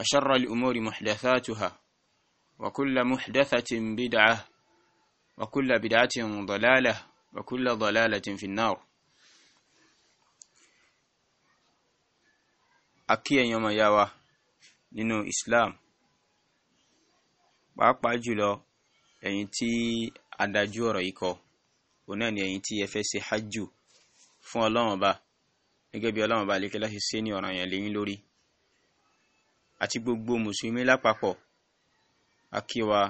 وشر الأمور محدثاتها وكل محدثة بدعة وكل بدعة ضلالة وكل ضلالة في النار أكيا يوم ياوا nínú Islam pàápàá jùlọ ẹ̀yin tí adájú ọ̀rọ̀ yìí kọ òun náà ni ẹ̀yin tí ẹ fẹ́ ṣe hajj fún Ọlọ́run ọba gẹ́gẹ́ bí Ọlọ́run ọba lékẹ́lá ṣe ṣe ní ọ̀ranyàn lẹ́yìn lórí àti gbogbo mùsùlùmí lápapọ̀ a kí wa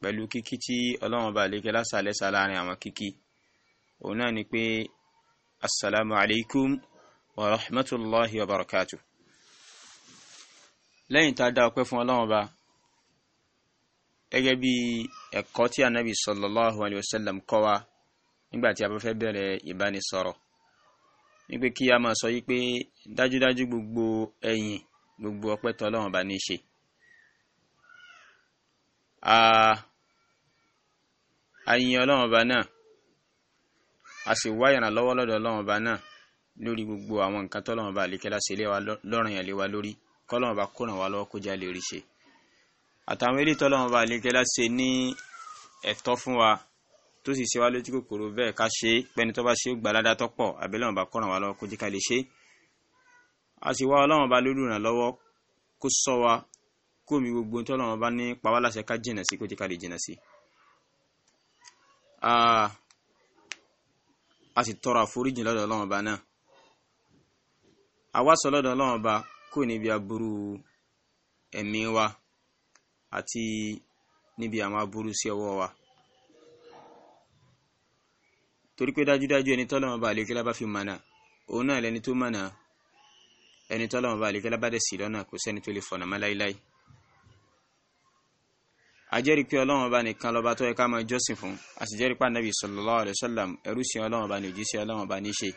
pẹ̀lú kíkí tí ọlọ́run bá lékẹ́ lásàlẹ́sà láàrin àwọn kíkí òun náà ni pé assalamu alaikum wa rahmatullahi wa barakatu lẹ́yìn tá a dá ọpẹ́ fún ọlọ́run bá gẹ́gẹ́ bí ẹ̀kọ́ tí anabi sallallahu alayhi wa sallam kọ́ wa nígbà tí a bá fẹ́ bẹ̀rẹ̀ ìbánisọ̀rọ̀ wípé kí a máa sọ yí pé dájúdájú gbogbo ẹ̀yìn gbogbo ọpẹ́ tọ́lọ́run bá ní ṣe. àyìn ọlọ́run ọba náà a sì wá ìrànlọ́wọ́ lọ́dọ̀ ọlọ́run ọba náà lórí gbogbo àwọn nǹkan tọ́lọ́run ọba àlékẹ́lá ṣe lé wa lọ́rùn yàn lé wa lórí kọ́lọ́run ọba kó ràn wá lọ́wọ́ kó já lè rí ṣe. àtàwọn eléyìí tọ́lọ́run ọba àlékẹ́lá ṣe ní ẹ̀tọ́ fún wa tó sì ṣe wá lójú kòkòrò bẹ́ẹ̀ ká ṣe pẹ́ni tó bá ṣe ó tọ́pọ̀ àbẹ́lẹ́wọ̀n ọba kó ràn wá lọ́wọ́ kó jẹ́ ká lè ṣe é a sì wá ọlọ́run ọba lólùrànlọ́wọ́ kó sọ wa kó mi gbogbo ohun tọ́lọ́run ọba ní pa láṣẹ ká jìnà sí kó jẹ́ ká lè jìnà sí. a sì tọrọ àforíjì lọ́dọ̀ ọlọ́run ọba náà àwa sọ lọ́dọ̀ ọlọ́run ọba kó níbi aburú ẹ̀mí wa àti níbi àwọn aburú sí ọwọ́ wa torí pé dájúdájú ẹni tọ́lọ́run ọba àlékelá bá fi mànà òun náà lẹni tó mànà ẹni tọ́lọ́run bá lè gẹ́lá bá dẹ̀ sí lọ́nà kò sẹ́ni tó lè fọ̀nà mọ́ láíláí àjẹ́rìí pé ọlọ́run ọba nìkan lọ́ba tó yẹ ká máa jọ́sìn fún àṣìjẹ́rìí pé ànábì sallallahu alaihi wasallam ẹrú sí ọlọ́run ọba ní òjíṣẹ́ ọlọ́run ọba ní ṣe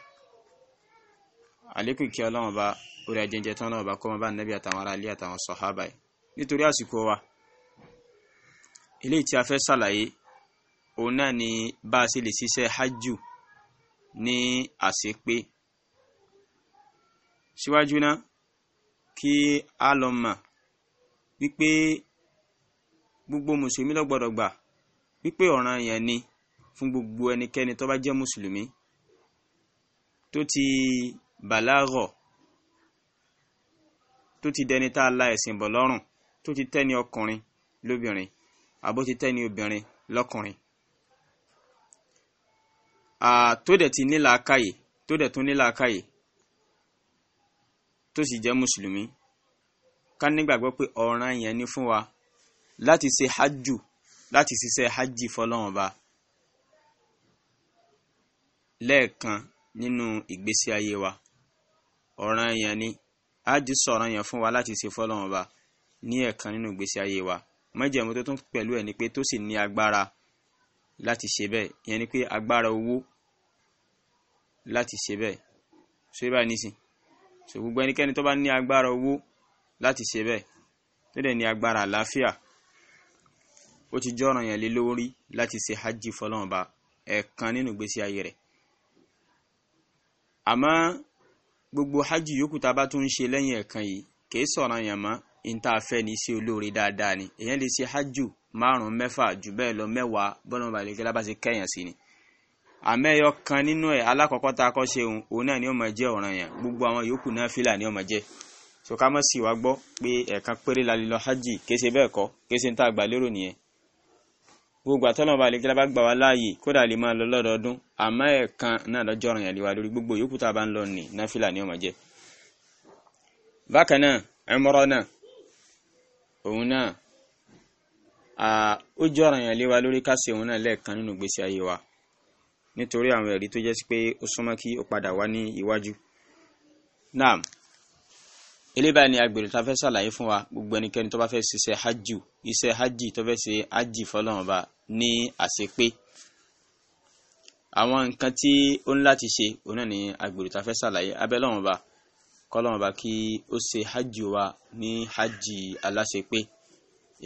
àlékún kí ọlọ́run ọba orí ajẹ́jẹ́ tán ọlọ́run ọba kó ni bá síwájú ná kí a lọ mọ̀ wípé gbogbo mùsùlùmí ló gbọ́dọ̀ gbà wípé ọ̀ràn yẹn ni fún gbogbo ẹnikẹ́ni tó bá jẹ́ mùsùlùmí tó ti bàlágọ̀ tó ti dẹni tá a la ẹ̀sìn bọ̀ lọ́rùn tó ti tẹ́ni ọkùnrin lóbìnrin àbó ti tẹ́ni obìnrin lọ́kùnrin tó dẹ̀ ti ní làákàyè tó tún ní làákàyè tó sì jẹ́ mùsùlùmí ká nígbàgbọ́ pé ọ̀ràn yẹn ni fún wa láti ṣe hajjù láti ṣiṣẹ́ hajjì fọlọ́run ọba lẹ́ẹ̀kan nínú ìgbésí ayé wa ọ̀ràn yẹn ni hajjì sọ̀ràn yẹn fún wa láti ṣe fọlọ́run ọba ní ẹ̀ẹ̀kan nínú ìgbésí ayé wa májẹ̀mú tó tún pẹ̀lú ẹ̀ ni pé tó sì ní agbára láti ṣe bẹ́ẹ̀ ìyẹn ni pé agbára owó láti ṣe bẹ́ẹ̀ ṣé báyìí nísìnyí so gbogbo ẹnikẹ́ni tó bá ní agbára owó láti ṣe bẹ́ẹ̀ tó dẹ̀ ní agbára àlàáfíà ó ti jọ́ràn yàn lé lórí láti ṣe hajj fọlọ́run ba ẹ̀ẹ̀kan nínú ìgbésí ayé rẹ̀ àmọ́ gbogbo hajj yòókù tá a bá tún ń ṣe lẹ́yìn ẹ̀ẹ̀kan yìí kìí sọ̀ràn yàn mọ́ níta fẹ́ ní sí olóore dáadáa ni èèyàn lè ṣe hajj márùn-ún mẹ́fà jù bẹ́ẹ̀ lọ mẹ́wàá bọ́lá balẹ̀kẹ́lá bá ṣe kẹ́yàn sí ni àmẹ́yọ kan nínú ẹ̀ alákọ̀ọ́kọ́ tá a kọ́ ṣe òun òun náà ni ó máa jẹ́ ọ̀ranyàn gbogbo àwọn yòókù náà fìlà ni ó máa jẹ́ so ká mọ̀ sí wa gbọ́ pé ẹ̀ẹ̀kan péré la lè lọ hajj kése bẹ́ẹ̀ kọ́ kése ń tá a gbà lérò nìyẹn gbogbo àtọ́nà balẹ̀ kí la bá gbà wá láàyè kódà lè máa lọ lọ́dọọdún àmọ́ ẹ̀ẹ̀kan náà lọ́jọ́ ọ̀ranyàn lé wa lórí gbogbo yòókù tá a bá ń lọ nì náà fìlà ni ó máa jẹ́ nítorí àwọn ẹ̀rí tó jẹ́ sí pé ó súnmọ́ kí ó padà wá ní iwájú. naam eléyìí ni agbèrè tá a fẹ́ ṣàlàyé fún wa gbogbo ẹnikẹ́ni tó bá fẹ́ ṣiṣẹ́ hajj iṣẹ́ hajj tó fẹ́ ṣe hajj fọlọ́run ní àṣepé àwọn nǹkan tí ó ń láti ṣe òun náà ni agbèrè tá a fẹ́ ṣàlàyé abẹ́lọ́run bá kọ́lọ́run bá kí ó ṣe hajj wa ní hajj aláṣepé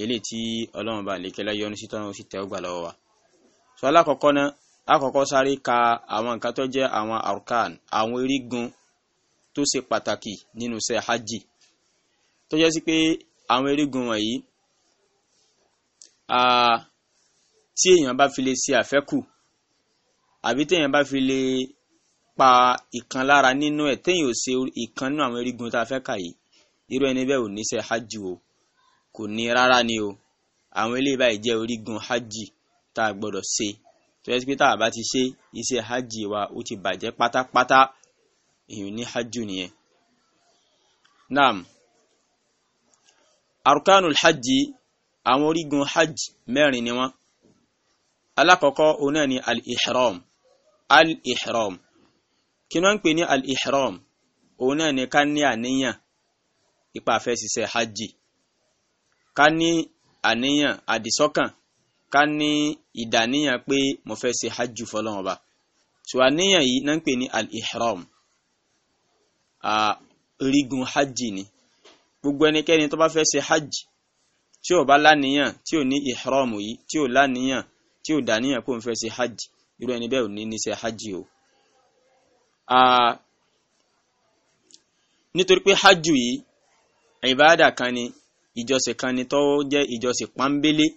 eléyìí tí ọlọ́run bá lè kẹ́lá yọ́nú sí tọ́nà ó sì tẹ́ ó lọ́wọ́ wa. sọ alákọ̀ọ́kọ́ náà àkọ́kọ́ sáré ka àwọn nǹkan tó jẹ́ àwọn arkan àwọn erigun tó ṣe pàtàkì nínú iṣẹ́ hajj tó jẹ́ sí pé àwọn erigun wọ̀nyí tí èèyàn bá fi lè ṣe àfẹ́kù àbí téèyàn bá fi lè pa ìkan lára nínú ẹ̀ téèyàn ò ṣe ìkan nínú àwọn erigun tá a fẹ́ kà yìí irú ẹni bẹ́ẹ̀ ò níṣẹ́ hajj o kò ní rárá ni o àwọn eléyìí báyìí jẹ́ orígun hajj tá a gbọ́dọ̀ ṣe tó yẹ pé tá a bá ti ṣe iṣẹ́ hajj wa ó ti bàjẹ́ pátápátá èèyàn ní hajj nìyẹn. naam arkanul hajj àwọn orígun hajj mẹ́rin ni wọ́n alákọ̀ọ́kọ́ òun náà ni al-ihram al-ihram kí wọ́n ń pè ní al-ihram òun náà ká ní àníyàn ipa afẹ́ ṣiṣẹ́ hajj ká ní àníyàn àdìsọ́kàn ká ní ìdàníyàn pé mo fẹ́ ṣe hajj fọlọ́wọ́n ọba so àníyàn yìí náà ń pè ní al-ihram rígun hajj ni gbogbo ẹnikẹ́ni tó bá fẹ́ ṣe hajj tí ò bá láníyàn tí ò ní ihram yìí tí ò láníyàn tí ò dàníyàn pé òun fẹ́ ṣe hajj irú ẹni bẹ́ẹ̀ ò ní ní ṣe hajj o nítorí pé hajj yìí ìbáàdà kan ni ìjọsìn kan ni tó jẹ́ ìjọsìn pọ́nbélé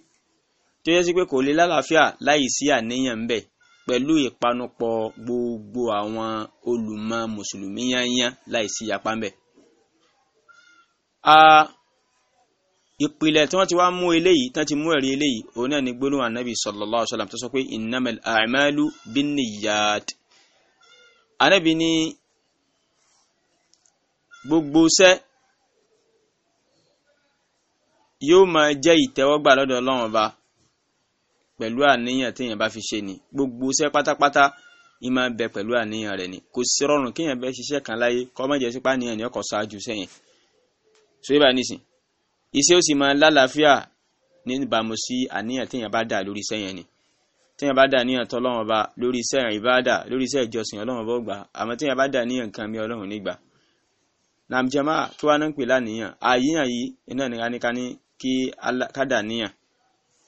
tó yẹ sí pé kò lè lálàáfíà láì sí àníyàn ń bẹ pẹ̀lú ìpanupọ̀ gbogbo àwọn olùmọ̀ mùsùlùmí yányán láì sí yapa ń bẹ. a ìpìlẹ̀ tí wọ́n ti wá mú eléyìí tán ti mú ẹ̀rí eléyìí òun náà ni gbólóhùn anabi sallallahu alaihi wasallam tó sọ pé innamal a'malu binniyat anabi ní gbogbo sẹ́ yóò máa jẹ́ ìtẹ́wọ́gbà lọ́dọ̀ ọlọ́run ọba pẹ̀lú àníyàn téèyàn bá fi ṣe ni gbogbo iṣẹ́ pátápátá ìmọ̀ bẹ pẹ̀lú àníyàn rẹ̀ ni kò sí rọrùn kéèyàn bẹ́ ṣiṣẹ́ kan láyé kọ́ mọ̀ jẹ́ sí pàníyàn ni ọkọ̀ ṣáájú sẹ́yìn so yíba nísìn iṣẹ́ ó sì máa lálàáfíà ní ìbámu sí àníyàn téèyàn bá dà lórí iṣẹ́ ni téèyàn bá dà níyàn tọ́ Ọlọ́run Ọba lórí iṣẹ́ ìbáàdà lórí iṣẹ́ ìjọsìn Ọlọ́run Ọba gbà àmọ́ téèyàn bá dà níyàn nǹkan mi Ọlọ́run nígbà nàmjẹ́mà tó wá náà ń pè láníyàn àyíyàn yìí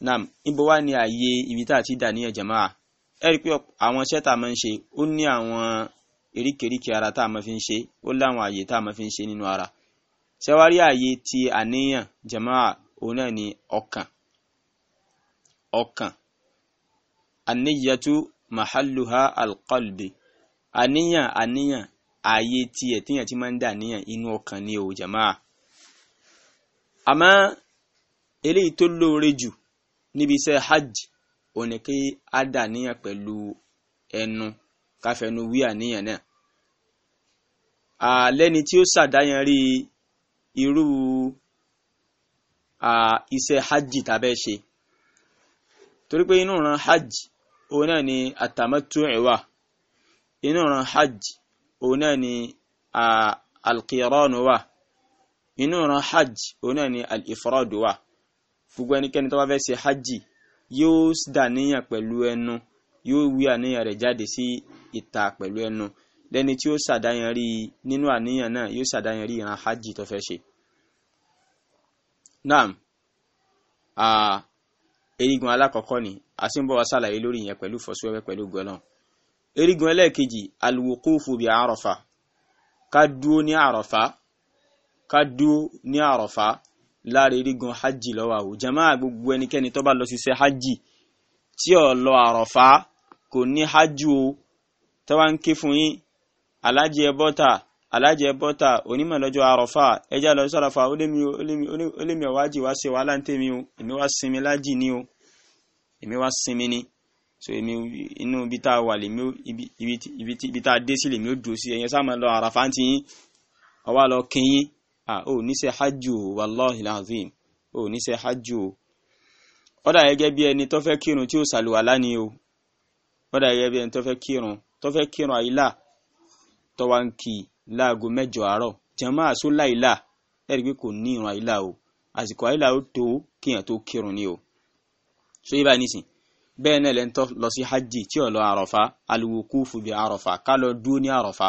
nam níbo wá ní ààyè ibi tá a ti dà ní ẹ̀jẹ̀má ẹ rí i pé àwọn iṣẹ́ tá a máa ń ṣe ó ní àwọn eríkèríkè ara tá a máa fi ń ṣe ó láwọn ààyè tá a máa fi ń ṣe nínú ara ṣẹwárí ààyè ti àníyàn jẹ̀má òun náà ni ọkàn ọkàn àníyàtú mahalluha alqalbi àníyàn àníyàn ààyè tiẹ̀ téèyàn ti máa ń dà níyàn inú ọkàn ni o jẹ̀má àmọ́ eléyìí tó lóore jù níbi iṣẹ́ hajj ó ní kí a dà níyàn pẹ̀lú ẹnu káfẹnu wí àníyàn náà àlẹ́ni tí ó ṣàdáyanrí irú iṣẹ́ hajj tàbẹ́ ṣe torí pé inú ran hajj òun náà ni àtàmọ́tò ẹ̀wà inú ran hajj òun náà ni alqiranu wà inú ran hajj òun náà ni alifradu wà gbogbo ẹnikẹ́ni tó bá fẹ́ ṣe hajj yóò dàníyàn pẹ̀lú ẹnu yóò wí àníyàn rẹ̀ jáde sí ìta pẹ̀lú ẹnu lẹ́ni tí ó ṣàdáyàn rí nínú àníyàn náà yóò ṣàdáyàn rí ìran hajj tó fẹ́ ṣe. naam erigun alákọ̀ọ́kọ́ ni a sì ń bọ̀ wá ṣàlàyé lórí ìyẹn pẹ̀lú fọ́síwẹ́wẹ́ pẹ̀lú gọlọ́n erigun ẹlẹ́ẹ̀kejì alwuqufu bi àrọ̀fà ká dúó ní àrọ̀fà ká dúó ní àrọ̀fà láre rígun hajj lọ́wọ́ àwò jàmáà gbogbo ẹnikẹ́ni tó bá lọ ṣiṣẹ́ hajj tí ò lọ àrọ̀fá kò ní hajj o tó bá ń ké fún yín alájì ẹ bọ́tà alájì ẹ bọ́tà onímọ̀ lọ́jọ́ àrọ̀fá ẹjá lọ sọ́ràfà olémi ọ̀wájì wá ṣe wàhálà ń tèmi o èmi wá sinmi lájì ni o èmi wá sinmi ni so èmi inú ibi tá a wà lèmi ibi tá a dé sí lèmi ó dùn sí ẹ̀yẹn sáà máa lọ àràfá ń ti yín ọwọ́ àlọ́ kẹ́yìn à ah, ò níṣe hajj o wàláhi lazim ò níṣe hajj o ọ̀dà gẹ́gẹ́ bí ẹni tó fẹ́ kírun tí ó ṣàlùwàlá ni o ọ̀dà gẹ́gẹ́ bí ẹni tó fẹ́ kírun tó fẹ́ kírun àyílà tó wá ń kì í láago mẹ́jọ àárọ̀ jẹ́mọ́ àṣó láìlà ẹ̀rí pé kò ní ìrun àyílà o àsìkò àyílà ó tó kíyàn tó kírun ni o so yíba nísìn bẹ́ẹ̀ náà lẹ́ni lọ sí hajj tí ò lọ àrọ̀fá alwukufu bí àrọ̀fá ká lọ dúró ní àrọ̀fá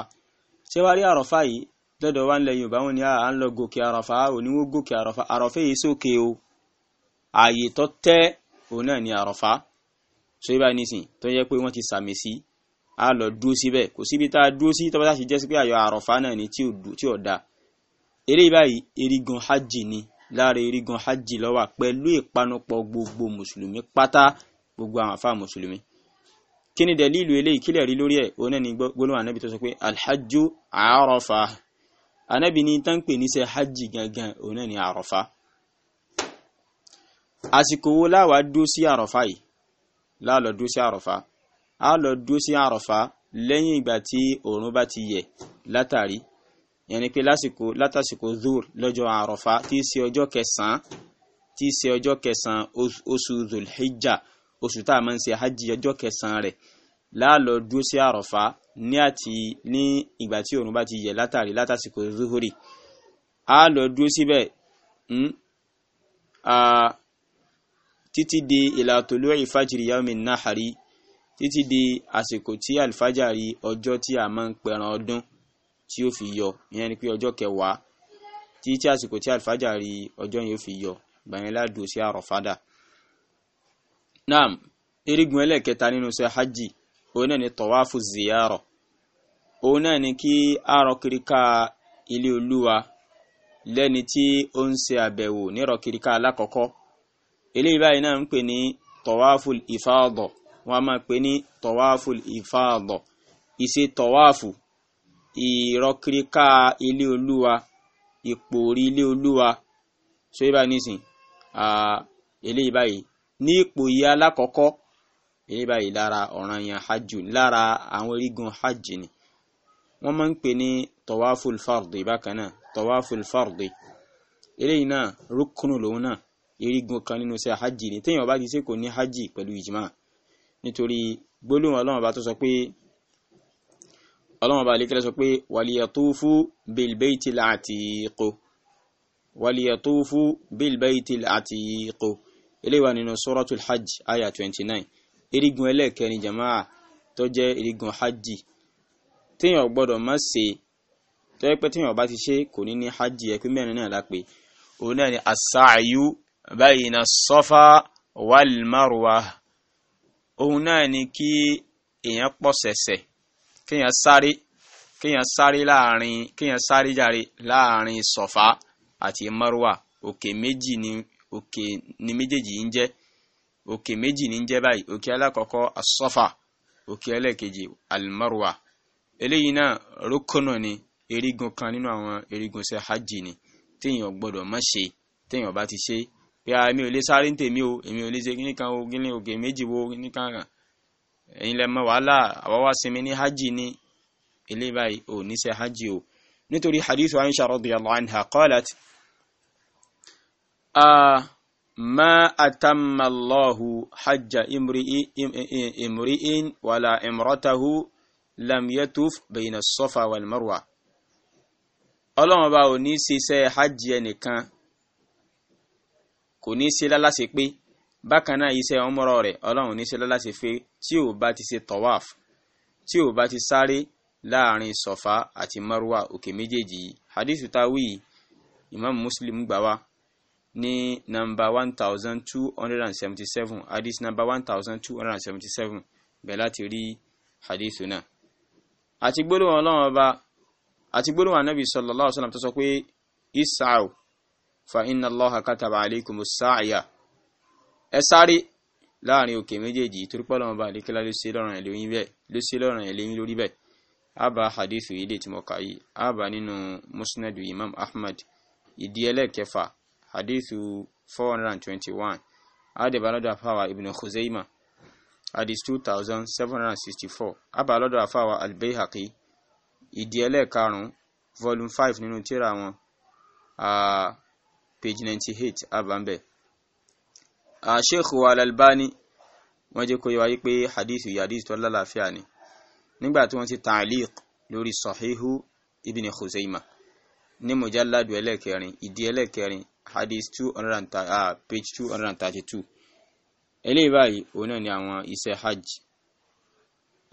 ṣé wàá rí àrọ̀fá yìí lọ́dọ̀ wa ńlẹ̀ yorùbá wọn ni ah, à ń lọ gòkè àràfà oníwó gòkè àràfà àràfà yìí sókè o ààyè tó tẹ́ òun náà ni àràfà so yìí báyìí nísìn tó yẹ pé wọ́n ti sàmì sí a lọ dúró síbẹ̀ kò síbi tá a dúró sí tọ́ba láti jẹ́ sí pé àyọ àràfà náà ni tí ò da eré báyìí erigun hajj ni lára erigun hajj ló wà pẹ̀lú ìpanupọ̀ gbogbo mùsùlùmí pátá gbogbo àwọn àfa mùsùlùmí kí ni dẹ̀lílù eléyìí kílẹ̀ rí lórí ẹ̀ òun náà ni gbólóhùn ànábì tó sọ pé alhajju àràfà anabi ní tán pè se hajj gangan ona ni arafa. àròfá àsìkò wo láwa dúró sí àròfá yìí láàlọ́ dúró sí àròfá si arafa dúró sí àròfá lẹ́yìn ìgbà tí òòrùn bá ti yẹ̀ látàrí yẹnni pé lásìkò látàsìkò dhur lọ́jọ́ àròfá tí í ṣe ọjọ́ kẹsàn-án tí í ṣe ọjọ́ kẹsàn-án oṣù dhulhijja oṣù tá a máa ń ṣe hajj ọjọ́ láàlọ́ dúró sí àrọ̀fá ní àti ní ìgbà tí òòrùn bá ti yẹ̀ látàrí látàsìkò zuhuri a lọ dúró síbẹ̀ hmm, títí di ìlà tòlú ìfàjìrì yawmi nahari títí di àsìkò tí alifájàrí ọjọ́ tí a máa ń pẹran ọdún tí ó fi yọ ìyẹn ni pé ọjọ́ kẹwàá títí àsìkò tí alifájàrí ọjọ́ yìí ó fi yọ gbàyẹn ládùú sí àrọ̀fádà. naam erigun ẹlẹ́kẹta nínú sẹ́ hajj òun náà ni tọ̀wáfù ziyarọ̀ òun náà ni kí arọkirika ilé olúwa lẹ́ni tí ó ń ṣe àbẹ̀wò nírọkirika alákọ̀ọ́kọ́ eléyìí báyìí náà ń pè ní tọ̀wáfù ìfáàdọ̀ wọ́n a máa pè ní tọ̀wáfù ìfáàdọ̀ ìṣe tọ̀wáfù ìrọkirika ilé olúwa ìpòrí ilé olúwa ṣé báyìí nísìn eléyìí báyìí ní ipò yìí alákọ̀ọ́kọ́ èyí báyìí lára ọ̀ràn yẹn hajj lára àwọn orígun hajj ni wọ́n máa ń pè ní tawaful fardi bákan náà tawaful fardi eléyìí náà rúkúnù lòun náà irígun kan nínú iṣẹ́ hajj ni téèyàn bá ti ṣe kò ní hajj pẹ̀lú ìjìmá nítorí gbólóhùn ọlọ́run bá tó sọ pé ọlọ́run bá alékẹ́lẹ́ sọ pé waliyatufu bilbaitil atiqo waliyatufu bilbaitil atiqo eléyìí wà nínú suratul hajj ayah 29 erigun ẹlẹ́ẹ̀kẹrin jamaa tó jẹ́ erigun hajj téèyàn gbọ́dọ̀ má ṣe tó yẹ pé téèyàn bá ti ṣe kò ní ní hajj ẹ mẹ́rin náà la òun náà ni asaayu bayna sọfà wàlmárùwà òun náà ni kí èèyàn pọ̀ sẹ̀sẹ̀ kéèyàn sáré kéèyàn sáré láàrin kéèyàn sáré járe láàrin sọfà àti márùwà òkè méjì ni òkè ni méjèèjì ń jẹ́ òkè méjì ní jẹ́ báyìí òkè alákọ̀ọ́kọ́ asọ́fà òkè ẹlẹ́ẹ̀kejì almarwa eléyìí náà rókònà ni erigun kan nínú àwọn erigun ṣe hajj ni téèyàn gbọ́dọ̀ má ṣe téèyàn bá ti ṣe pé a ah, mi ò lè sáré ń tèmi o èmi ò lè ṣe kíní kan o kíní òkè méjì wo kíní kan kan ẹ̀yin lẹ wàhálà àwa wá sinmi ní hajj ni eléyìí báyìí ò ní ṣe hajj o nítorí hadithu Aisha radiyallahu anha qalat. Uh, ma atamma allahu hajja imri'in wala imratahu lam yatuf bayna as-safa wal marwa ọlọ́run ọba ò ní ṣe iṣẹ́ hajj ẹnìkan kò ní ṣe láláṣẹ pé bákan náà iṣẹ́ ọmọrọ rẹ̀ ọlọ́run ní ṣe láláṣẹ pé tí ò bá ti ṣe tawaf tí ò bá ti sáré láàrin sọ̀fà àti marwa òkè méjèèjì hadithu tawi imam muslim gbà wá ní nọmba one thousand two hundred and seventy seven hadith nọmba one thousand two hundred and seventy seven bẹ́ẹ̀ láti rí hadith náà. àti gbólóhùn ọlọ́run ọba àti gbólóhùn anábì sallallahu alaihi wasallam tó sọ pé isa'u fa inna allaha kataba alaykum as-sa'ya ẹ sáré láàrin òkè méjèèjì torí pé ọlọ́run ọba àdékẹ́lá ló ṣe lọ́rùn ẹ̀ lóyún bẹ́ẹ̀ ló ṣe lọ́rùn ẹ̀ lórí bẹ́ẹ̀ àbá hadith yìí lè ti mọ̀ káyì àbá nínú musnad imam ahmad ìdí ẹlẹ́kẹfà hadithu 421 adébálọ́dọ̀ afáwà ibn Khuzaimah hadith 2764 abálọ́dọ̀ afáwà al-Bayhaqi ìdí ẹlẹ́ẹ̀karùn-ún volume 5 nínú tírà wọn uh, page 98 abambẹ̀ uh, sheikh wa al-Albani wọ́n jẹ́ kó yé wa yí pé hadith yìí hadith tó lálàáfíà ni nígbà tí wọ́n ti ta'liq lórí sahihu ibn Khuzaimah ní mujalladu ẹlẹ́ẹ̀kẹrin ìdí ẹlẹ́ẹ̀kẹrin hadith two hundred and thirty ah page two hundred and thirty two eléyìí báyìí òun náà ni àwọn iṣẹ́ hajj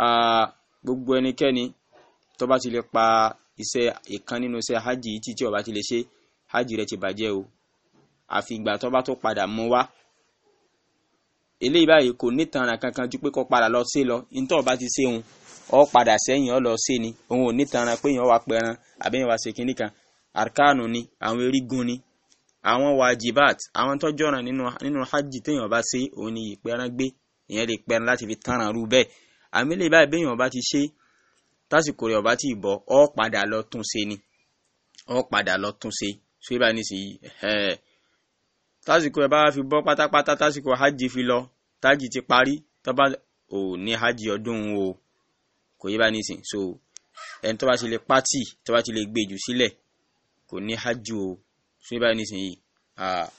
ah gbogbo ẹnikẹ́ni tó bá ti lè pa iṣẹ́ ìkan nínú iṣẹ́ hajj yìí títí ó bá ti lè ṣe hajj rẹ̀ ti bàjẹ́ o àfi ìgbà tó bá tó padà mú wá eléyìí báyìí kò nítanràn kankan ju pé kó padà lọ sí lọ nítorí ó bá ti ṣe òun ó padà sẹ́yìn ó lọ sí ni òun ò nítanràn pé èèyàn wá pẹran àbẹ́yẹn wá ṣe kinní kan àrkánù ni àwọn erigun ni àwọn wajibat àwọn tọ́jọ́ ọ̀ràn nínú nínú hajj téèyàn bá ṣe òun ni ìpẹran gbé èèyàn lè pẹran láti fi tán àrùn bẹ́ẹ̀ àmì lè báyìí béèyàn bá ti ṣe tásìkò rẹ̀ ọ̀bá ti bọ̀ ọ́ padà lọ tún ṣe ni ọ́ padà lọ tún ṣe ṣé bá ní sèyí tásìkò ẹ̀ bá fi bọ́ pátápátá tásìkò hajj fi lọ tájì ti parí tọ́ba ò ní hajj ọdún o kò yé bá ní sìn so ẹni tó bá ti lè pátì tó bá ti lè gbèjù sílẹ̀ kò ní hajj o ṣé báyìí nísìnyí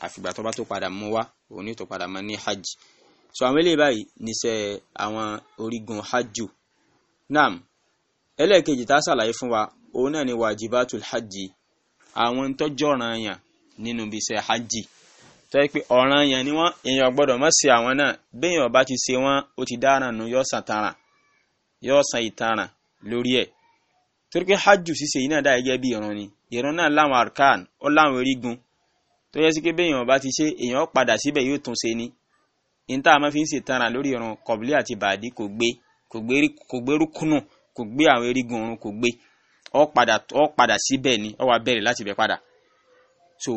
àfìgbà tó bá tó padà mú wá òun ní tó padà mọ ní hajj so àwọn eléyìí báyìí níṣẹ́ àwọn orígun hajj naam ẹlẹ́ẹ̀kejì tá a ṣàlàyé fún wa òun náà ni wàjibatul hajj àwọn tó jọ̀ràn yàn nínú ibi iṣẹ́ hajj tó yẹ pé ọ̀ràn yẹn ni wọ́n èèyàn gbọ́dọ̀ má ṣe àwọn náà béèyàn bá ti ṣe wọ́n ó ti dáràn nù yóò ìtaràn lórí ẹ̀ torí pé hajj ṣíṣe yìí náà dá gẹ́gẹ́ bí ìran ni ìran náà láwọn arkan ó láwọn orígun tó yẹ sí pé bẹ́ẹ̀ èèyàn bá ti ṣe èèyàn padà síbẹ̀ yóò tún ṣe ni níta àmọ́ fi ń ṣètara lórí ìran kọ̀bílẹ̀ àti bàdí kò gbé kò gbé rúkúnù kò gbé àwọn erigun ọ̀run kò gbé ó padà ó padà síbẹ̀ ni ó wá bẹ̀rẹ̀ láti bẹ̀ padà so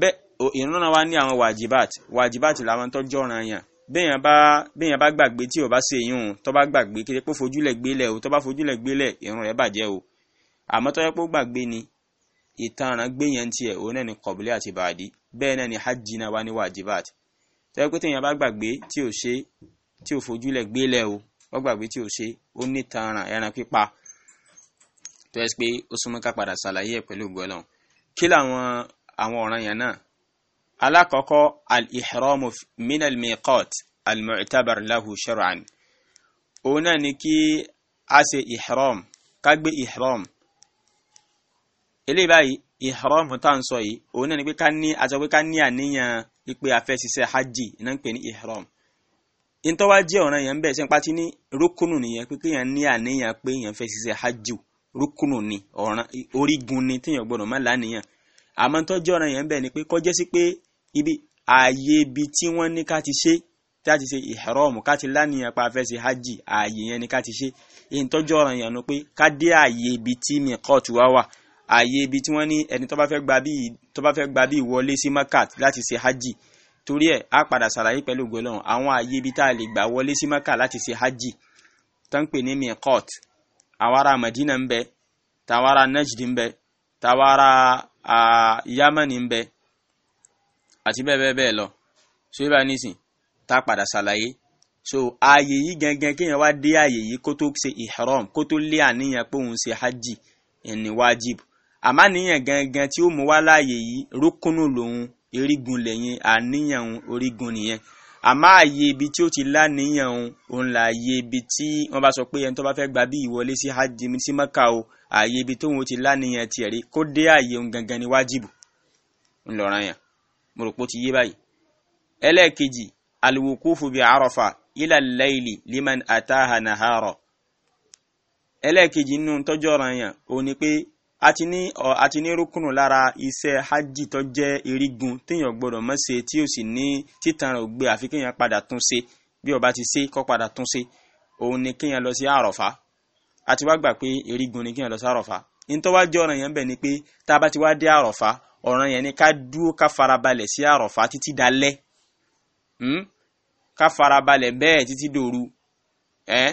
bẹ́ẹ̀ ìran náà wá ní àwọn wàjibát wàjibát làwọn tó jọ̀ràn yàn béèyàn bá béèyàn bá gbàgbé tí o bá ṣe yín o tó bá gbàgbé kí pé fojúlẹ̀ gbélẹ̀ o tó bá fojúlẹ̀ gbélẹ̀ irun rẹ̀ bàjẹ́ o àmọ́ tó yẹ pé ó gbàgbé ni ìtanràn gbéyàn tiẹ̀ òun náà ni kọ̀bílì àti bàdí bẹ́ẹ̀ náà ni hajj náà wá ní wàjibat tó yẹ pé téèyàn bá gbàgbé tí o ṣe tí o fojúlẹ̀ gbélẹ̀ o ó gbàgbé tí o ṣe ó ní tanràn ẹran pípa tó yẹ pé ó súnmọ́ ká padà ṣàlàyé ẹ̀ pẹ̀lú gbọ́lọ́n kí làwọn àwọn ọ̀ràn yẹn náà alákọ̀ọ́kọ́ al-ihramu min al-miqat al-mu'tabar lahu shar'an òun náà ni kí a ṣe ihram ká gbé ihram eléyìí báyìí ihram tá à ń sọ yìí òun náà ni pé ká ní aṣọ pé ká ní àníyàn pípé afẹ́ ṣiṣẹ́ hajj náà ń pè ní ihram ìtọ́wá jẹ́ ọ̀ràn yẹn ń ṣe ń pa ní rúkúnù nìyẹn pé kéèyàn ní àníyàn pé èèyàn fẹ́ ṣiṣẹ́ hajj rúkúnù ni ọ̀ràn orígun ni téèyàn gbọ́dọ̀ má láníyàn àmọ́ tọ́jú ọ̀ràn yẹn ń ni pé kó sí pé ibi ààyè ibi tí wọ́n ní ká ti ṣe ká ti ṣe ìhẹ́rọ́ọ̀mù ká ti lánìyàn pa afẹ́ hajj ààyè yẹn ni ká ti ṣe èyí tọ́jú ọ̀ràn yẹn nu pé ká dé ààyè ibi tí mi kọ́ọ̀tù wá wà ààyè ibi tí wọ́n ní ẹni tó bá fẹ́ gba bí tó bá fẹ́ gba bí ìwọlé sí makat láti ṣe hajj torí ẹ̀ á padà ṣàlàyé pẹ̀lú gbólóhùn àwọn ààyè ibi tá a lè gbà wọlé sí makat láti ṣe hajj tó pè ní mi àwọn ará Madina ń bẹ tàwọn ará Najd ń bẹ tàwọn ará Yamani ń bẹ àti bẹ́ẹ̀ bẹ́ẹ̀ bẹ́ẹ̀ lọ so yíba nísìn tá a padà ṣàlàyé so ààyè yìí gangan kéèyàn wá dé ààyè yìí kó tó ṣe ihram kó tó lé àníyàn pé òun ṣe hajj ẹni wájib àmọ́ àníyàn gangan tí ó mú wá láàyè yìí rúkúnù lòun erigun lẹ́yìn àníyàn orígun nìyẹn àmọ́ ààyè ibi tí ó ti láníyàn òun òun là ààyè ibi tí wọ́n bá sọ pé ẹni tó bá fẹ́ gba bí ìwọlé sí hajj sí mọ́kà o ààyè ibi tóun ó ti láníyàn tiẹ̀ rí kó dé ààyè òun gangan ni wájib ńlọrọ̀ yẹn mo rò pé ó ti yé báyìí ẹlẹ́ẹ̀kejì alwukufu bi arafa ila layli liman ataha naharo ẹlẹ́ẹ̀kejì nínú tọ́jú ọ̀ràn yẹn ó ní pé a ti ní ọ a ti ní rúkúnù lára iṣẹ́ hajj tó jẹ́ irigun téèyàn gbọ́dọ̀ mọ́ ṣe tí ó sì ní títàn rẹ̀ gbé àfi kéèyàn padà tún ṣe bí ó ti ṣe kó padà tún ṣe òun ni kéèyàn lọ sí àròfà a ti gbà pé irigun ni kéèyàn lọ sí àròfà ní tó wá jẹ́ yẹn bẹ̀ ni pé tá a bá ti wá dé àròfà ọ̀ràn yẹn ni ká dúró ká farabalẹ̀ sí àrọ̀fà títí dalẹ́ hmm? ká farabalẹ̀ bẹ́ẹ̀ títí dòru ẹ́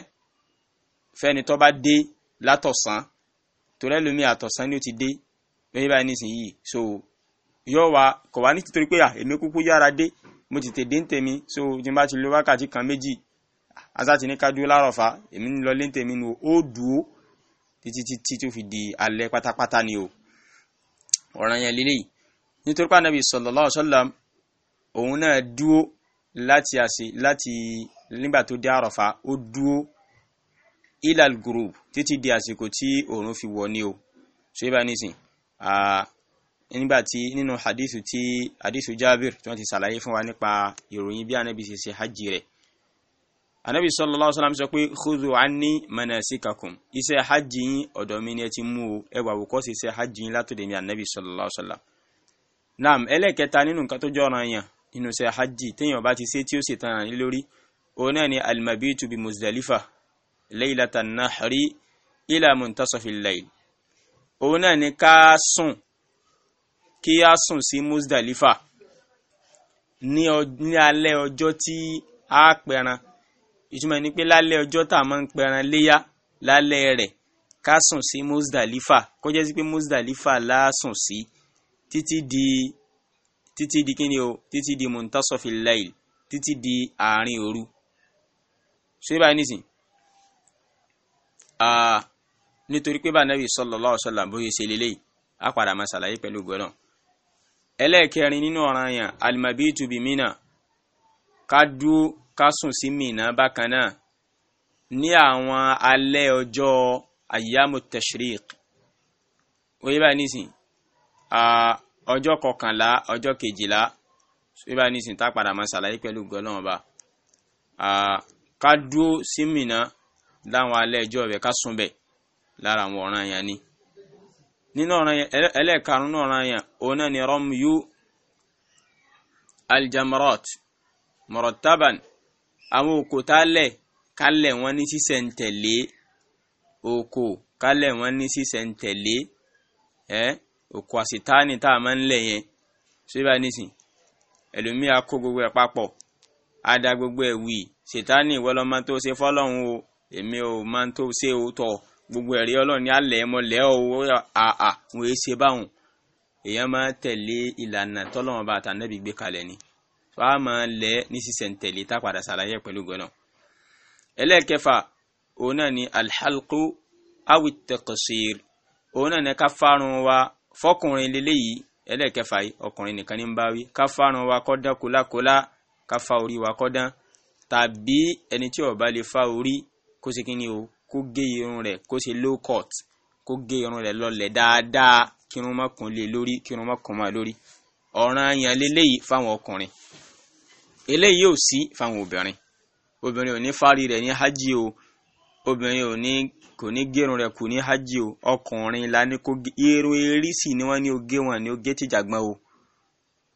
fẹ́ni tó bá dé látọ̀sán torí ẹlòmíì àtọ̀sán ni ó ti dé lóyún báyìí nísìnyí so yóò wá kò wá ní títorí pé èmi kúkú yára dé mo ti tètè ń tèmi so tí n bá ti lo wákàtí kan méjì asáti ní ká dúró lárọ̀fà èmi ń lọ lé ń tèmi nu ó dúró títí títí tó fi di alẹ́ pátápátá ni o ọ̀ràn yẹn lélẹ́yìí nítorí pé anabi sallallahu alaihi wasallam òun náà dúó láti àṣì láti nígbà tó dé àràfà ó dúó ilal group títí di àsìkò tí òòrùn fi wọ̀ ni o so yíba nísìn nígbà tí nínú hadithu tí hadithu Jabir tí wọ́n ti ṣàlàyé fún wa nípa ìròyìn bí anabi ṣe ṣe hajj rẹ̀ anabi sallallahu alaihi wasallam sọ pé khudhu anni manasikakum iṣẹ́ hajj yín ọ̀dọ̀ mi ni ẹ ti mú o ẹ wà wòkọ́ sí iṣẹ́ hajj yín látòdè mi anabi sallallahu alaihi wasallam naam ẹlẹ́kẹta nínú nǹkan tó jọra yàn nínú iṣẹ́ hajj téèyàn bá ti ṣe tí ó sì tan àní lórí òun náà ni almabitu bi muzdalifa laylatan nahri ila muntasafil layl òun náà ni ká sùn kí a sùn sí muzdalifa ní alẹ́ ọjọ́ tí a pẹran ìtumọ̀ ni pé lálẹ́ ọjọ́ tá a máa ń pẹran léyà lálẹ́ rẹ̀ ká sùn sí Musdalifa kó sí pé Musdalifa la sùn sí títí di títí di kíni o títí di muntasofil lail títí di àárín òru ṣé báyìí nísìn nítorí pé bá nàbì sallallahu alaihi wasallam bóyá ṣe lélẹ́yìí á padà máa ṣàlàyé pẹ̀lú gbọ́nà ẹlẹ́ẹ̀kẹrin nínú ọ̀ranyàn alimabitu bimina ká dúró ká sùn sí Mínà bákan náà ní àwọn alẹ́ ọjọ́ ayyamu tashriq oye bá nísìn ọjọ́ kọkànlá ọjọ́ kejìlá oye bá nísìn tá padà máa ṣàlàyé pẹ̀lú gọlọ́wọ́n bá ká dúró sí Mínà láwọn alẹ́ ọjọ́ rẹ̀ ká sùn bẹ̀ lára àwọn ọ̀ràn yẹn ni nínú ọ̀ràn yẹn ẹlẹ́ẹ̀karùn-ún ọ̀ràn yẹn òun náà ni rọ́mù yú mọ̀rọ̀tábàn àwọn òkò tálẹ̀ kálẹ̀ wọ́n ní sísẹ̀ǹtẹ̀lé òkò kálẹ̀ wọ́n ní sísẹ̀ǹtẹ̀lé ẹ́ òkò àṣetáni tá a máa ń lẹ̀ yẹn ṣé bá nísìn ẹlòmíà kó gbogbo ẹ̀ papọ̀ á da gbogbo ẹ̀ wì ṣètáni ìwọ lọ́ọ́ máa tó ṣe fọ́lọ́hún o èmi ò máa tó ṣe o tọ̀ gbogbo ẹ̀rí ọlọ́run ní alẹ́ mọ́ lẹ́ o àà wọ́n ṣe báwọn èèyàn máa tẹ̀lé ìlànà tọ́lọ́run bá àtànẹ́bí gbé kalẹ̀ ni tó a máa lẹ̀ ní sísẹ̀ntẹ̀lé tá a padà ṣàlàyé pẹ̀lú gbọ́nà. ẹlẹ́ẹ̀kẹfà òun náà ni alḥalqu awi taqsir òun náà ni ká fárun wa fọkùnrin lélẹ́yìí ẹlẹ́ẹ̀kẹfà yìí ọkùnrin nìkan ni kani bá wí ká fárun wa kọ́ dán kólákólá ká fa wa kọ́ tabi tàbí ẹni tí ó bá le fa orí kó ṣe kíni o kó gé irun rẹ̀ kó ṣe low cut kó gé irun rẹ̀ lọlẹ̀ dáadáa kírun má kún lé lórí kírun má kún má lórí ọ̀ràn yẹn lélẹ́yìí fáwọn eléyìí ò sí fáwọn obìnrin obìnrin ò ní fárí rẹ̀ ní hajj o obìnrin ò ní kò ní gérun rẹ̀ kù ní hajj o ọkùnrin la ní kó irun erí sì ni wọ́n ní oge wọn ní oge tìjàgbọ́n o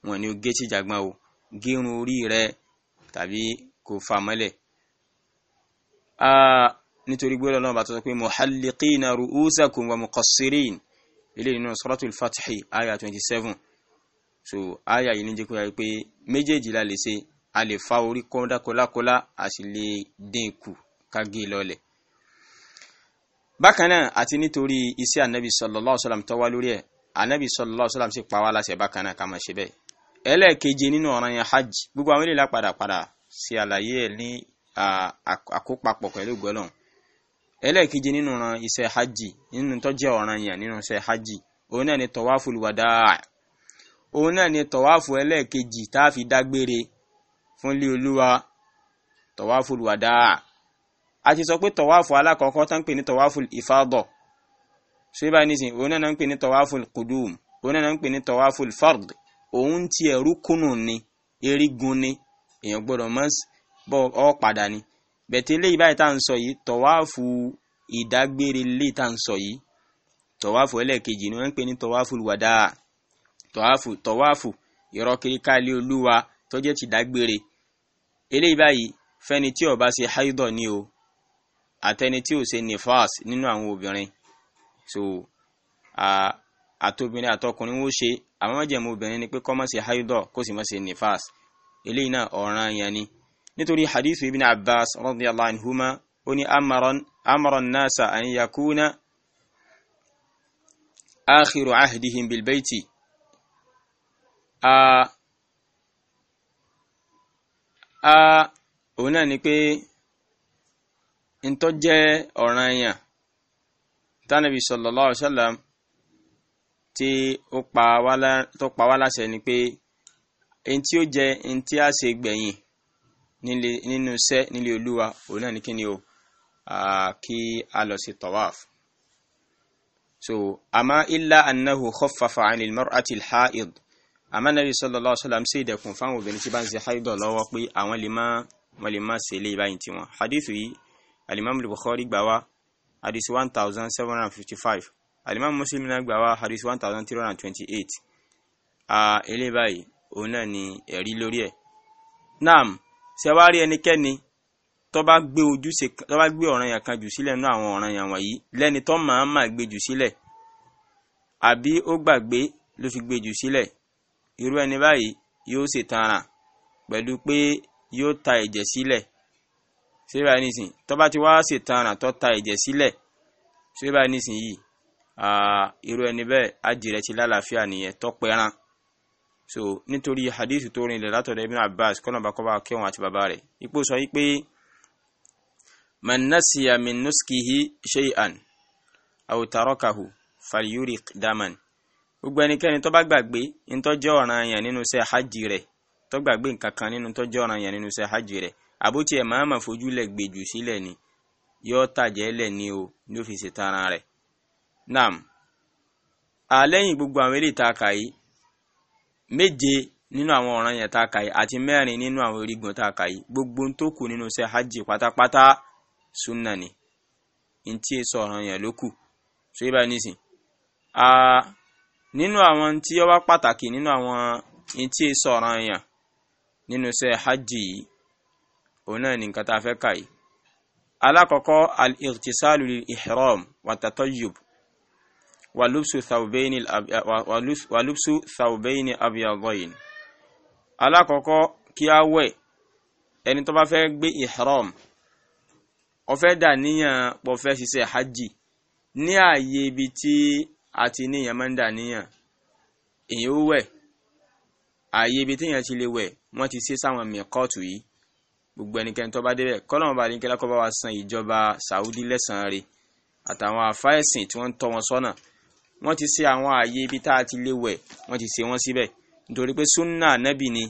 wọn ní oge tìjàgbọ́n o gérun orí rẹ̀ tàbí kò fà mọ́lẹ̀ nítorí gbọ́dọ̀ lọ́wọ́ bá sọ pé muhalliqina ru'usakum wa muqassirin ilé nínú suratul fatihi aya twenty seven so aya yìí ní jẹ́ kó yà pé méjèèjì la lè ṣe a lè fa orí kọ́ńdá kọlákọlá a sì lè dín kù ká gé e lọlẹ̀. bákan náà àti nítorí iṣẹ́ anabi sallallahu alaihi wasallam tó wá lórí ẹ̀ anabi sallallahu alaihi wasallam sì pa wá láṣẹ bákan náà ká máa ṣe bẹ́ẹ̀. ẹlẹ́ẹ̀keje nínú ọ̀ràn yẹn hajj gbogbo àwọn eléyìí lápadà padà ṣe àlàyé ẹ̀ ní àkópapọ̀ pẹ̀lú gbọ́lọ́n ẹlẹ́ẹ̀keje nínú ọ̀ràn iṣẹ́ hajj nínú tó jẹ́ ọ̀ràn yẹn nínú iṣẹ́ hajj òun náà ni tọ́wáfù lùwàdà òun náà ni tọ́wáfù ẹlẹ́ẹ̀kejì tá a fi dágbére fúnlé olúwa tọ̀wáfù wàdá a ti sọ pé tọ̀wáfù alákọ̀ọ́kọ́ tán pè ní tọ̀wáfù ìfádọ̀ ṣé bá ní sìn òun náà ń pè ní tọ̀wáfù kùdùm òun náà ń pè ní tọ̀wáfù fard òun ti ẹ̀rú kùnù ni erigun ni èèyàn gbọ́dọ̀ mọ́ bọ́ ọ padà ni bẹ̀tẹ̀ léyìí báyìí tá à ń sọ yìí tọ̀wáfù ìdágbére lè tá à ń sọ yìí tọ̀wáfù ẹlẹ́ẹ̀kejì ni wọ́n ń pè ní tọ̀wáfù wàdá tọ̀wáfù tọ̀wáfù ìrọ̀kiri káàlì olúwa tó ti dágbére eléyìí báyìí fẹ́ni tí ó bá ṣe haidọ̀ ni o àtẹni tí ò ṣe nifas nínú àwọn obìnrin so àtobìnrin àtọkùnrin wọ́n ṣe àwọn májẹ̀mú obìnrin ni pé kó má ṣe haidọ̀ kó sì má ṣe nifas eléyìí náà ọ̀ràn yẹn ni nítorí hadithu ibn abbas radiyallahu anhuma ó ní amara nasa an yakuna akhiru ahdihim a òun náà ni pé ntọ́ jẹ́ ọ̀ràn èèyàn tánàbí sallallahu alaihi wasallam tí ó pa wá láṣẹ ni pé èyí tí ó jẹ èyí tí a ṣe gbẹ̀yìn nínú iṣẹ́ nílé olúwa òun náà ni kí ni o kí a lọ sí tawaf so àmọ́ illa annahu khaffafa 'anil mar'atil ha'id àmánàbí sallallahu alaihi wasallam sí ìdẹ̀kùn fáwọn obìnrin tí bá ń ṣe haidọ̀ lọ́wọ́ pé àwọn lè má wọn lè má ṣe ilé ìbáyìí tí wọn hadithu yìí alimami bukhari gbà wá hadith one thousand seven hundred and fifty five alimami muslim náà gbà wá hadith one thousand three hundred and twenty eight ilé báyìí òun náà ni ẹ̀rí lórí ẹ̀ naam ṣe wá rí ẹnikẹ́ni tó bá gbé ojúṣe tó bá gbé ọ̀ranyàn kan jù sílẹ̀ nínú àwọn ọ̀ranyàn wọ̀nyí lẹ́ni tó máa ń máa gbé jù sílẹ̀ àbí ó gbàgbé ló fi gbé jù sílẹ̀ irú ẹni báyìí yóò ṣètanràn pẹ̀lú pé yóò ta ẹ̀jẹ̀ sílẹ̀ ṣébà nísìn tó bá ti wá ṣètanràn tó ta ẹ̀jẹ̀ sílẹ̀ ṣébà nísìn yìí irú ẹni bẹ́ẹ̀ ajìrẹ́ ti lálàáfíà nìyẹn tó pẹran so nítorí hadith tó rinlẹ̀ látọ̀dọ̀ Ibn Abbas kọ́nà bá kọ́ba kẹ́wọn àti bàbá rẹ̀ ipò sọ yí pé man nasiya min nuskihi shay'an daman gbogbo ẹnikẹ́ni tó bá gbàgbé ntọ́jọ́ ọ̀ranyàn nínú iṣẹ́ hajj rẹ̀ tó gbàgbé nǹkan kan nínú tọ́jọ́ ọ̀ranyàn nínú iṣẹ́ hajj rẹ̀ àbótiẹ̀ e màmá fojú lẹ̀ gbèjù sílẹ̀ ni yóò tàjẹ́ lẹ̀ ní o ní ó fi ṣe tara rẹ̀ nam àlẹ́yìn gbogbo àwọn eré tá a kà méje nínú àwọn ọ̀ranyàn tá ta kà àti mẹ́rin nínú àwọn orígun ta a kà yìí gbogbo tó kù nínú iṣẹ́ hajj pátápátá sunna ni ntí èso ọ̀ranyàn ló kù ṣé bá nísìn nínú àwọn tí ó wá pàtàkì nínú àwọn tí è sọ̀rọ̀ èèyàn nínú iṣẹ́ hajj yìí òun náà ní nǹkan tá a fẹ́ kà yìí alákọ̀ọ́kọ́ al-irtisalu lil ihram wa tatayyub wa lubsu thawbayni wa lubsu thawbayni abyadayn alákọ̀ọ́kọ́ kí a wẹ̀ ẹni tó bá fẹ́ gbé ihram ó fẹ́ dà níyàn pọ̀ fẹ́ ṣiṣẹ́ hajj ní ààyè ibi tí àti níyàn máa ń dà níyàn èyàn ó wẹ̀ ààyè ibi téèyàn ti lè wẹ̀ wọ́n ti ṣe sáwọn mẹ́kọ́ọ̀tù yìí gbogbo ẹnikẹ́ni tó bá débẹ̀ kọ́lọ́mù bá níkẹ́lá kó bá wa san ìjọba Saudi lẹ́sàn-án rẹ̀ àtàwọn àfáẹ̀sìn tí wọ́n ń tọ́ wọn sọ́nà wọ́n ti ṣe àwọn ààyè ibi tá a ti lè wẹ̀ wọ́n ti ṣe wọ́n síbẹ̀ nítorí pé sunna nẹ́bì ni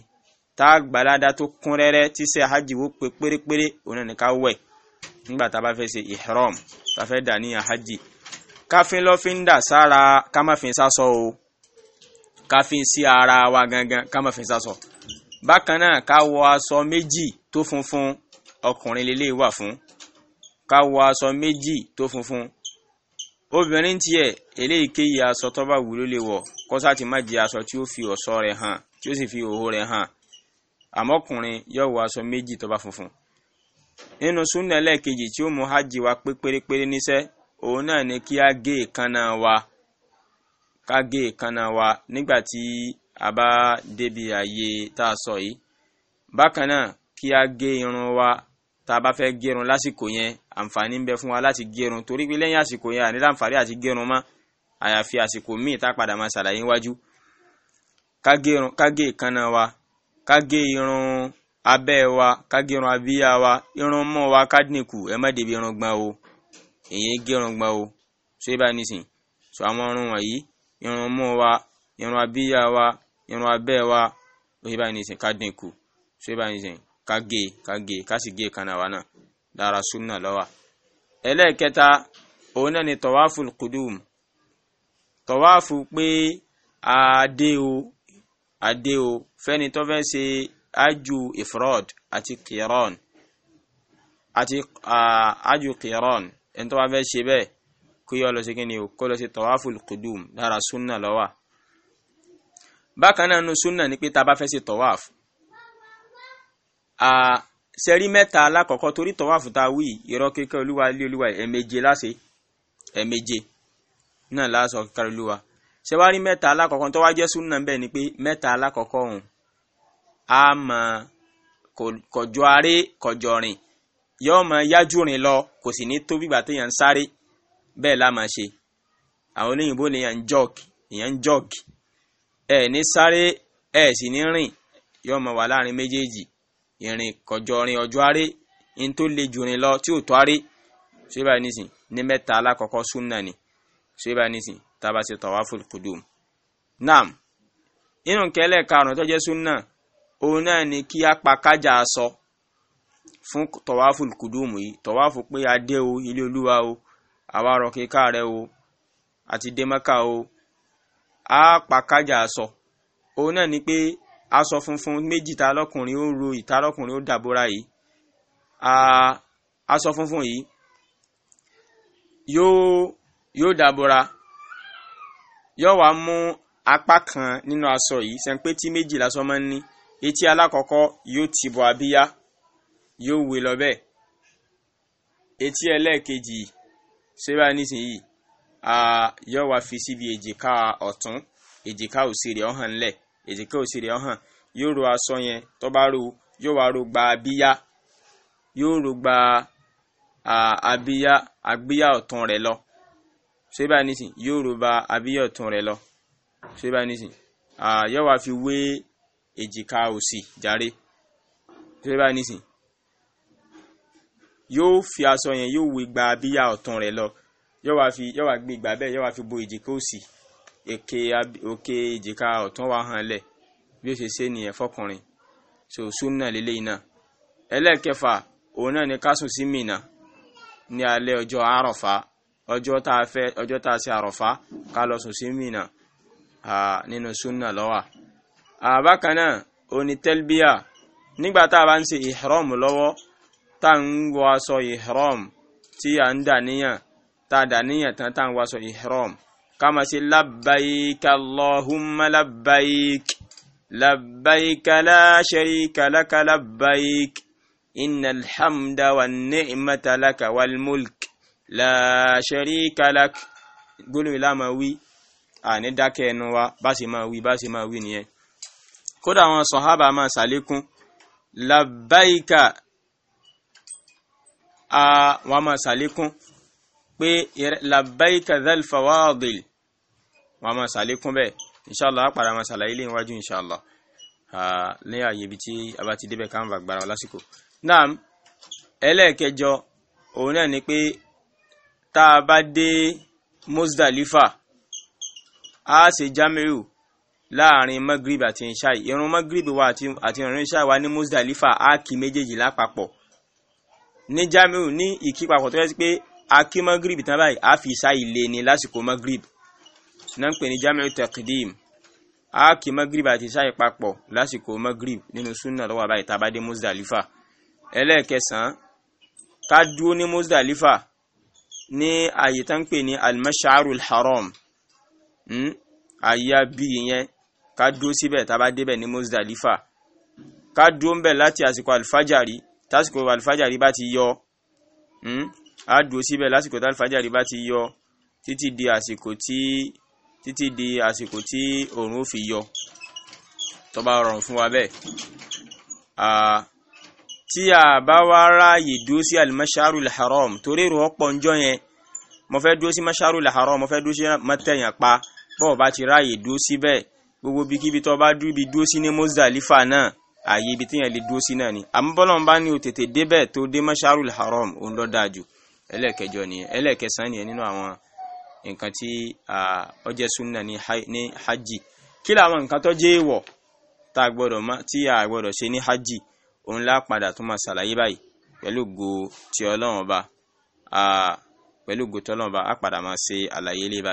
tá a gbàládá tó kún rẹ́rẹ́ tí ṣe hajj wó pé pérépéré òun náà ní ká wẹ̀ nígbà tá a bá fẹ́ ṣe ihram tá a fẹ́ dà níyàn hajj káfín lọ́fín dà sára ká má fi sásọ o káfín sí ara wa gangan ká má fi sásọ. bákan náà ká wọ aṣọ méjì tó funfun ọkùnrin lélẹ̀ wà fún ká wọ aṣọ méjì tó funfun obìnrin tiẹ̀ eléyìí kéyìí aṣọ tó bá wúlò lè wọ̀ kọ́sá ti má jẹ aṣọ tí ó fi ọ̀ṣọ́ rẹ̀ hàn tí ó sì fi òhó rẹ̀ hàn àmọ́kùnrin yóò wọ aṣọ méjì tó funfun nínú súnà ẹlẹ́ẹ̀kejì tí ó mú hajj wa pé pérépéré níṣẹ́ òun náà ni kí a gé èékánná wa ká gé èékánná wa nígbà tí a bá débi àyè tá a sọ yìí bákan náà kí a gé irun wa tá a bá fẹ́ gérun lásìkò yẹn àǹfààní ń bẹ fún wa láti gérun torí pé lẹ́yìn àsìkò yẹn àní láǹfààní àti gérun mọ́ àyàfi àsìkò míì tá a padà máa ṣàlàyé wájú ká gé èékánná wa ká gé irun abẹ́ wa ká gé irun abíyá wa irun mọ́ wa ká dínkù ẹ má débi irun gbọ̀n o èyí gẹrun gba o ṣé bá nísìn so àwọn irun wọ̀nyí irun mú wa irun abíyá wa irun abẹ́ wa ṣé bá nísìn ká dín kù ṣé bá nísìn ká gé ká gé ká sì gé kan àwa náà dára súnà lọ́wà. ẹlẹ́ẹ̀kẹta òun náà ni tọ́wáfù kùdùm tọ́wáfù pé adé o adé o fẹ́ni tó fẹ́ ṣe ájù ifrod àti kìrọ́n àti ájù kìrọ́n ẹni tó bá fẹ́ ṣe bẹ́ẹ̀ kó yọ lọ sí kí ni o kó lọ sí tawaful qudum lára sunna lọ́wà bákan náà nu sunna ni pé tá a bá fẹ́ ṣe tawaf sẹ́rí mẹ́ta alákọ̀ọ́kọ́ torí tawaf tá a wí irọ́ kékeré olúwa ilé olúwa ẹ̀ẹ̀méje láṣẹ ẹ̀ẹ̀méje náà láṣọ kékeré olúwa ṣẹwárí mẹ́ta alákọ̀ọ́kọ́ tó wá jẹ́ sunna bẹ́ẹ̀ ni pé mẹ́ta alákọ̀ọ́kọ́ ọ̀hún a mọ̀ kọjọ́ aré kọjọ́ rìn yóò máa yájú rìn lọ kò sì ní tó bígbà téèyàn ń sáré bẹ́ẹ̀ la máa ṣe àwọn olóyìnbó ni èèyàn ń jọ́ọ̀kì èèyàn ń jọ́ọ̀kì ẹ ní sáré ẹ sì ní rìn yóò máa wà láàrin méjèèjì ìrìn kọjọ rìn ọjọ́ aré ní tó le jù rìn lọ tí ò tó aré ṣé báyìí nísìn ní mẹ́ta alákọ̀ọ́kọ́ súnà ni ṣé báyìí nísìn tá a bá ṣe tawaful qudum nam nínú kẹlẹ́ karùn-ún súnà òun náà ni kí á pa kájà aṣọ fún tọ̀wáfù kùdùmù yìí tọ̀wáfù pé a dé o ilé olúwa o àwa rọ kíkà rẹ o àti dé o a pa kájà aṣọ òun náà ni pé aṣọ funfun méjì ta lọ́kùnrin ó ro ìta lọ́kùnrin ó dàbóra yìí aṣọ funfun yìí yóò yóò dàbóra yóò wá mú apá kan nínú aṣọ yìí sẹ́ńpé tí méjì lásán máa ń ní etí alákọ̀ọ́kọ́ yóò ti bọ̀ abíyá yóò wé lọ bẹ́ẹ̀ etí ẹlẹ́ẹ̀kejì ṣébà nísìnyí yóò wá fi síbi èjìká ọ̀tún èjìká òsì rẹ̀ ọ̀hàn ńlẹ̀ èjìká òsì rẹ̀ ọ̀hàn yóò ro aṣọ yẹn tó bá ro yóò wá ro gba abíyá yóò ro gba abíyá agbíyá ọ̀tún rẹ̀ lọ ṣébà nísìn yóò ro ba abíyá ọ̀tún rẹ̀ lọ ṣébà nísìn yóò wá fi wé èjìká òsì jàre ṣébà nísìn yóò fi aṣọ yẹn yóò wé gba abíyá ọ̀tún rẹ̀ lọ yóò wá fi yóò wá gbé ìgbà bẹ́ẹ̀ yóò wá fi bo èjìká òsì èké òkè èjìká ọ̀tún wá hàn lẹ̀ bí ó ṣe ṣe nìyẹn fọkùnrin so sunna lélẹ́yìn náà ẹlẹ́ẹ̀kẹfà òun náà ni ká sùn sí mìnà ní alẹ́ ọjọ́ àrọ̀fá ọjọ́ tá a fẹ́ ọjọ́ tá a ṣe àrọ̀fá ká lọ sùn sí mìnà nínú sunna lọ́wà àbákan náà òní tẹ́lbíà nígbà tá a bá ń ṣe ìhrọ́mù lọ́wọ́ tá à ń wọ aṣọ ihram tí à ń dà níyàn tá a dà níyàn tán tá à ń wọ aṣọ ihram ká máa ṣe labbaik allahumma labbaik labbaik la sharika laka labbaik innal hamda wan ni'mata laka wal mulk la sharika lak gbólóhùn wí àní dákẹ́ ẹnu wa bá sì máa wí bá sì máa wí nìyẹn kódà àwọn sọ̀hábà máa ṣàlékún labbaika wọn máa ṣàlékún pé labbaika dhal fawadil wọn máa ṣàlékún bẹ́ẹ̀ inshallah apàdà máa ṣàlàyé lè níwájú inshallah ní ààyè ibi tí a bá ti débẹ̀ káwọn gbàgbára wa lásìkò náà ẹlẹ́ẹ̀kẹjọ òun náà ni pé tá a bá dé Muzdalifa a ṣe jamiu láàrin magrib àti inshai irun magrib wa àti irun inshai wa ní Muzdalifa a kì méjèèjì lápapọ̀ ní jamiu ní ìkípapọ̀ tó yẹ sí pé akí magrib tán báyìí a fi ìṣá ilé ni lásìkò magrib náà ń pè ní jamiu taqdim akí magrib àti ìṣá ìpapọ̀ lásìkò magrib nínú sunna lọ́wọ́ báyìí tá a bá dé muzdalifa ẹlẹ́ẹ̀kẹsàn-án ká dúró ní muzdalifa ní àyè tán ń pè ní almasharul haram hmm? àyà bí yẹn ká dúró síbẹ̀ tá a bá débẹ̀ ní muzdalifa ká dúró ń bẹ̀ láti àsìkò alfajari tásìkò alifájàrí bá ti yọ á hmm, dúró síbẹ̀ lásìkò tálifájàrí bá ti yọ títí di àsìkò tí títí di àsìkò tí òòrùn ó fi yọ tó rọrùn fún wa bẹ́ẹ̀ tí a bá wá ráàyè dúró sí alimasharu laharam torí èrò ọ̀pọ̀ ńjọ́ yẹn mo fẹ́ dúró sí masharu laharam mo fẹ́ dúró sí mọ́tẹ̀yàn pa bọ́ọ̀ bá ti ráàyè dúró síbẹ̀ gbogbo bíkíbi tó bá dúró bí dúró sí ní Muzdalifa náà ààyè ibi téèyàn lè dúró sí náà ni àmúbọ́lọ́n bá ní o tètè débẹ̀ tó dé mọ́ṣárùl haram òun lọ́ dáa jù ẹlẹ́ẹ̀kẹjọ nìyẹn ẹlẹ́ẹ̀kẹsàn nìyẹn nínú àwọn nǹkan tí ó jẹ́ súnà ní hajj kí làwọn nǹkan tó jẹ́ èèwọ̀ tá a gbọ́dọ̀ má tí a gbọ́dọ̀ ṣe ní hajj òun lá padà tó máa ṣàlàyé báyìí pẹ̀lú go ti ọlọ́run ọba pẹ̀lú go tọ́lọ́run ọba á padà máa ṣe àlàyé lé báyìí.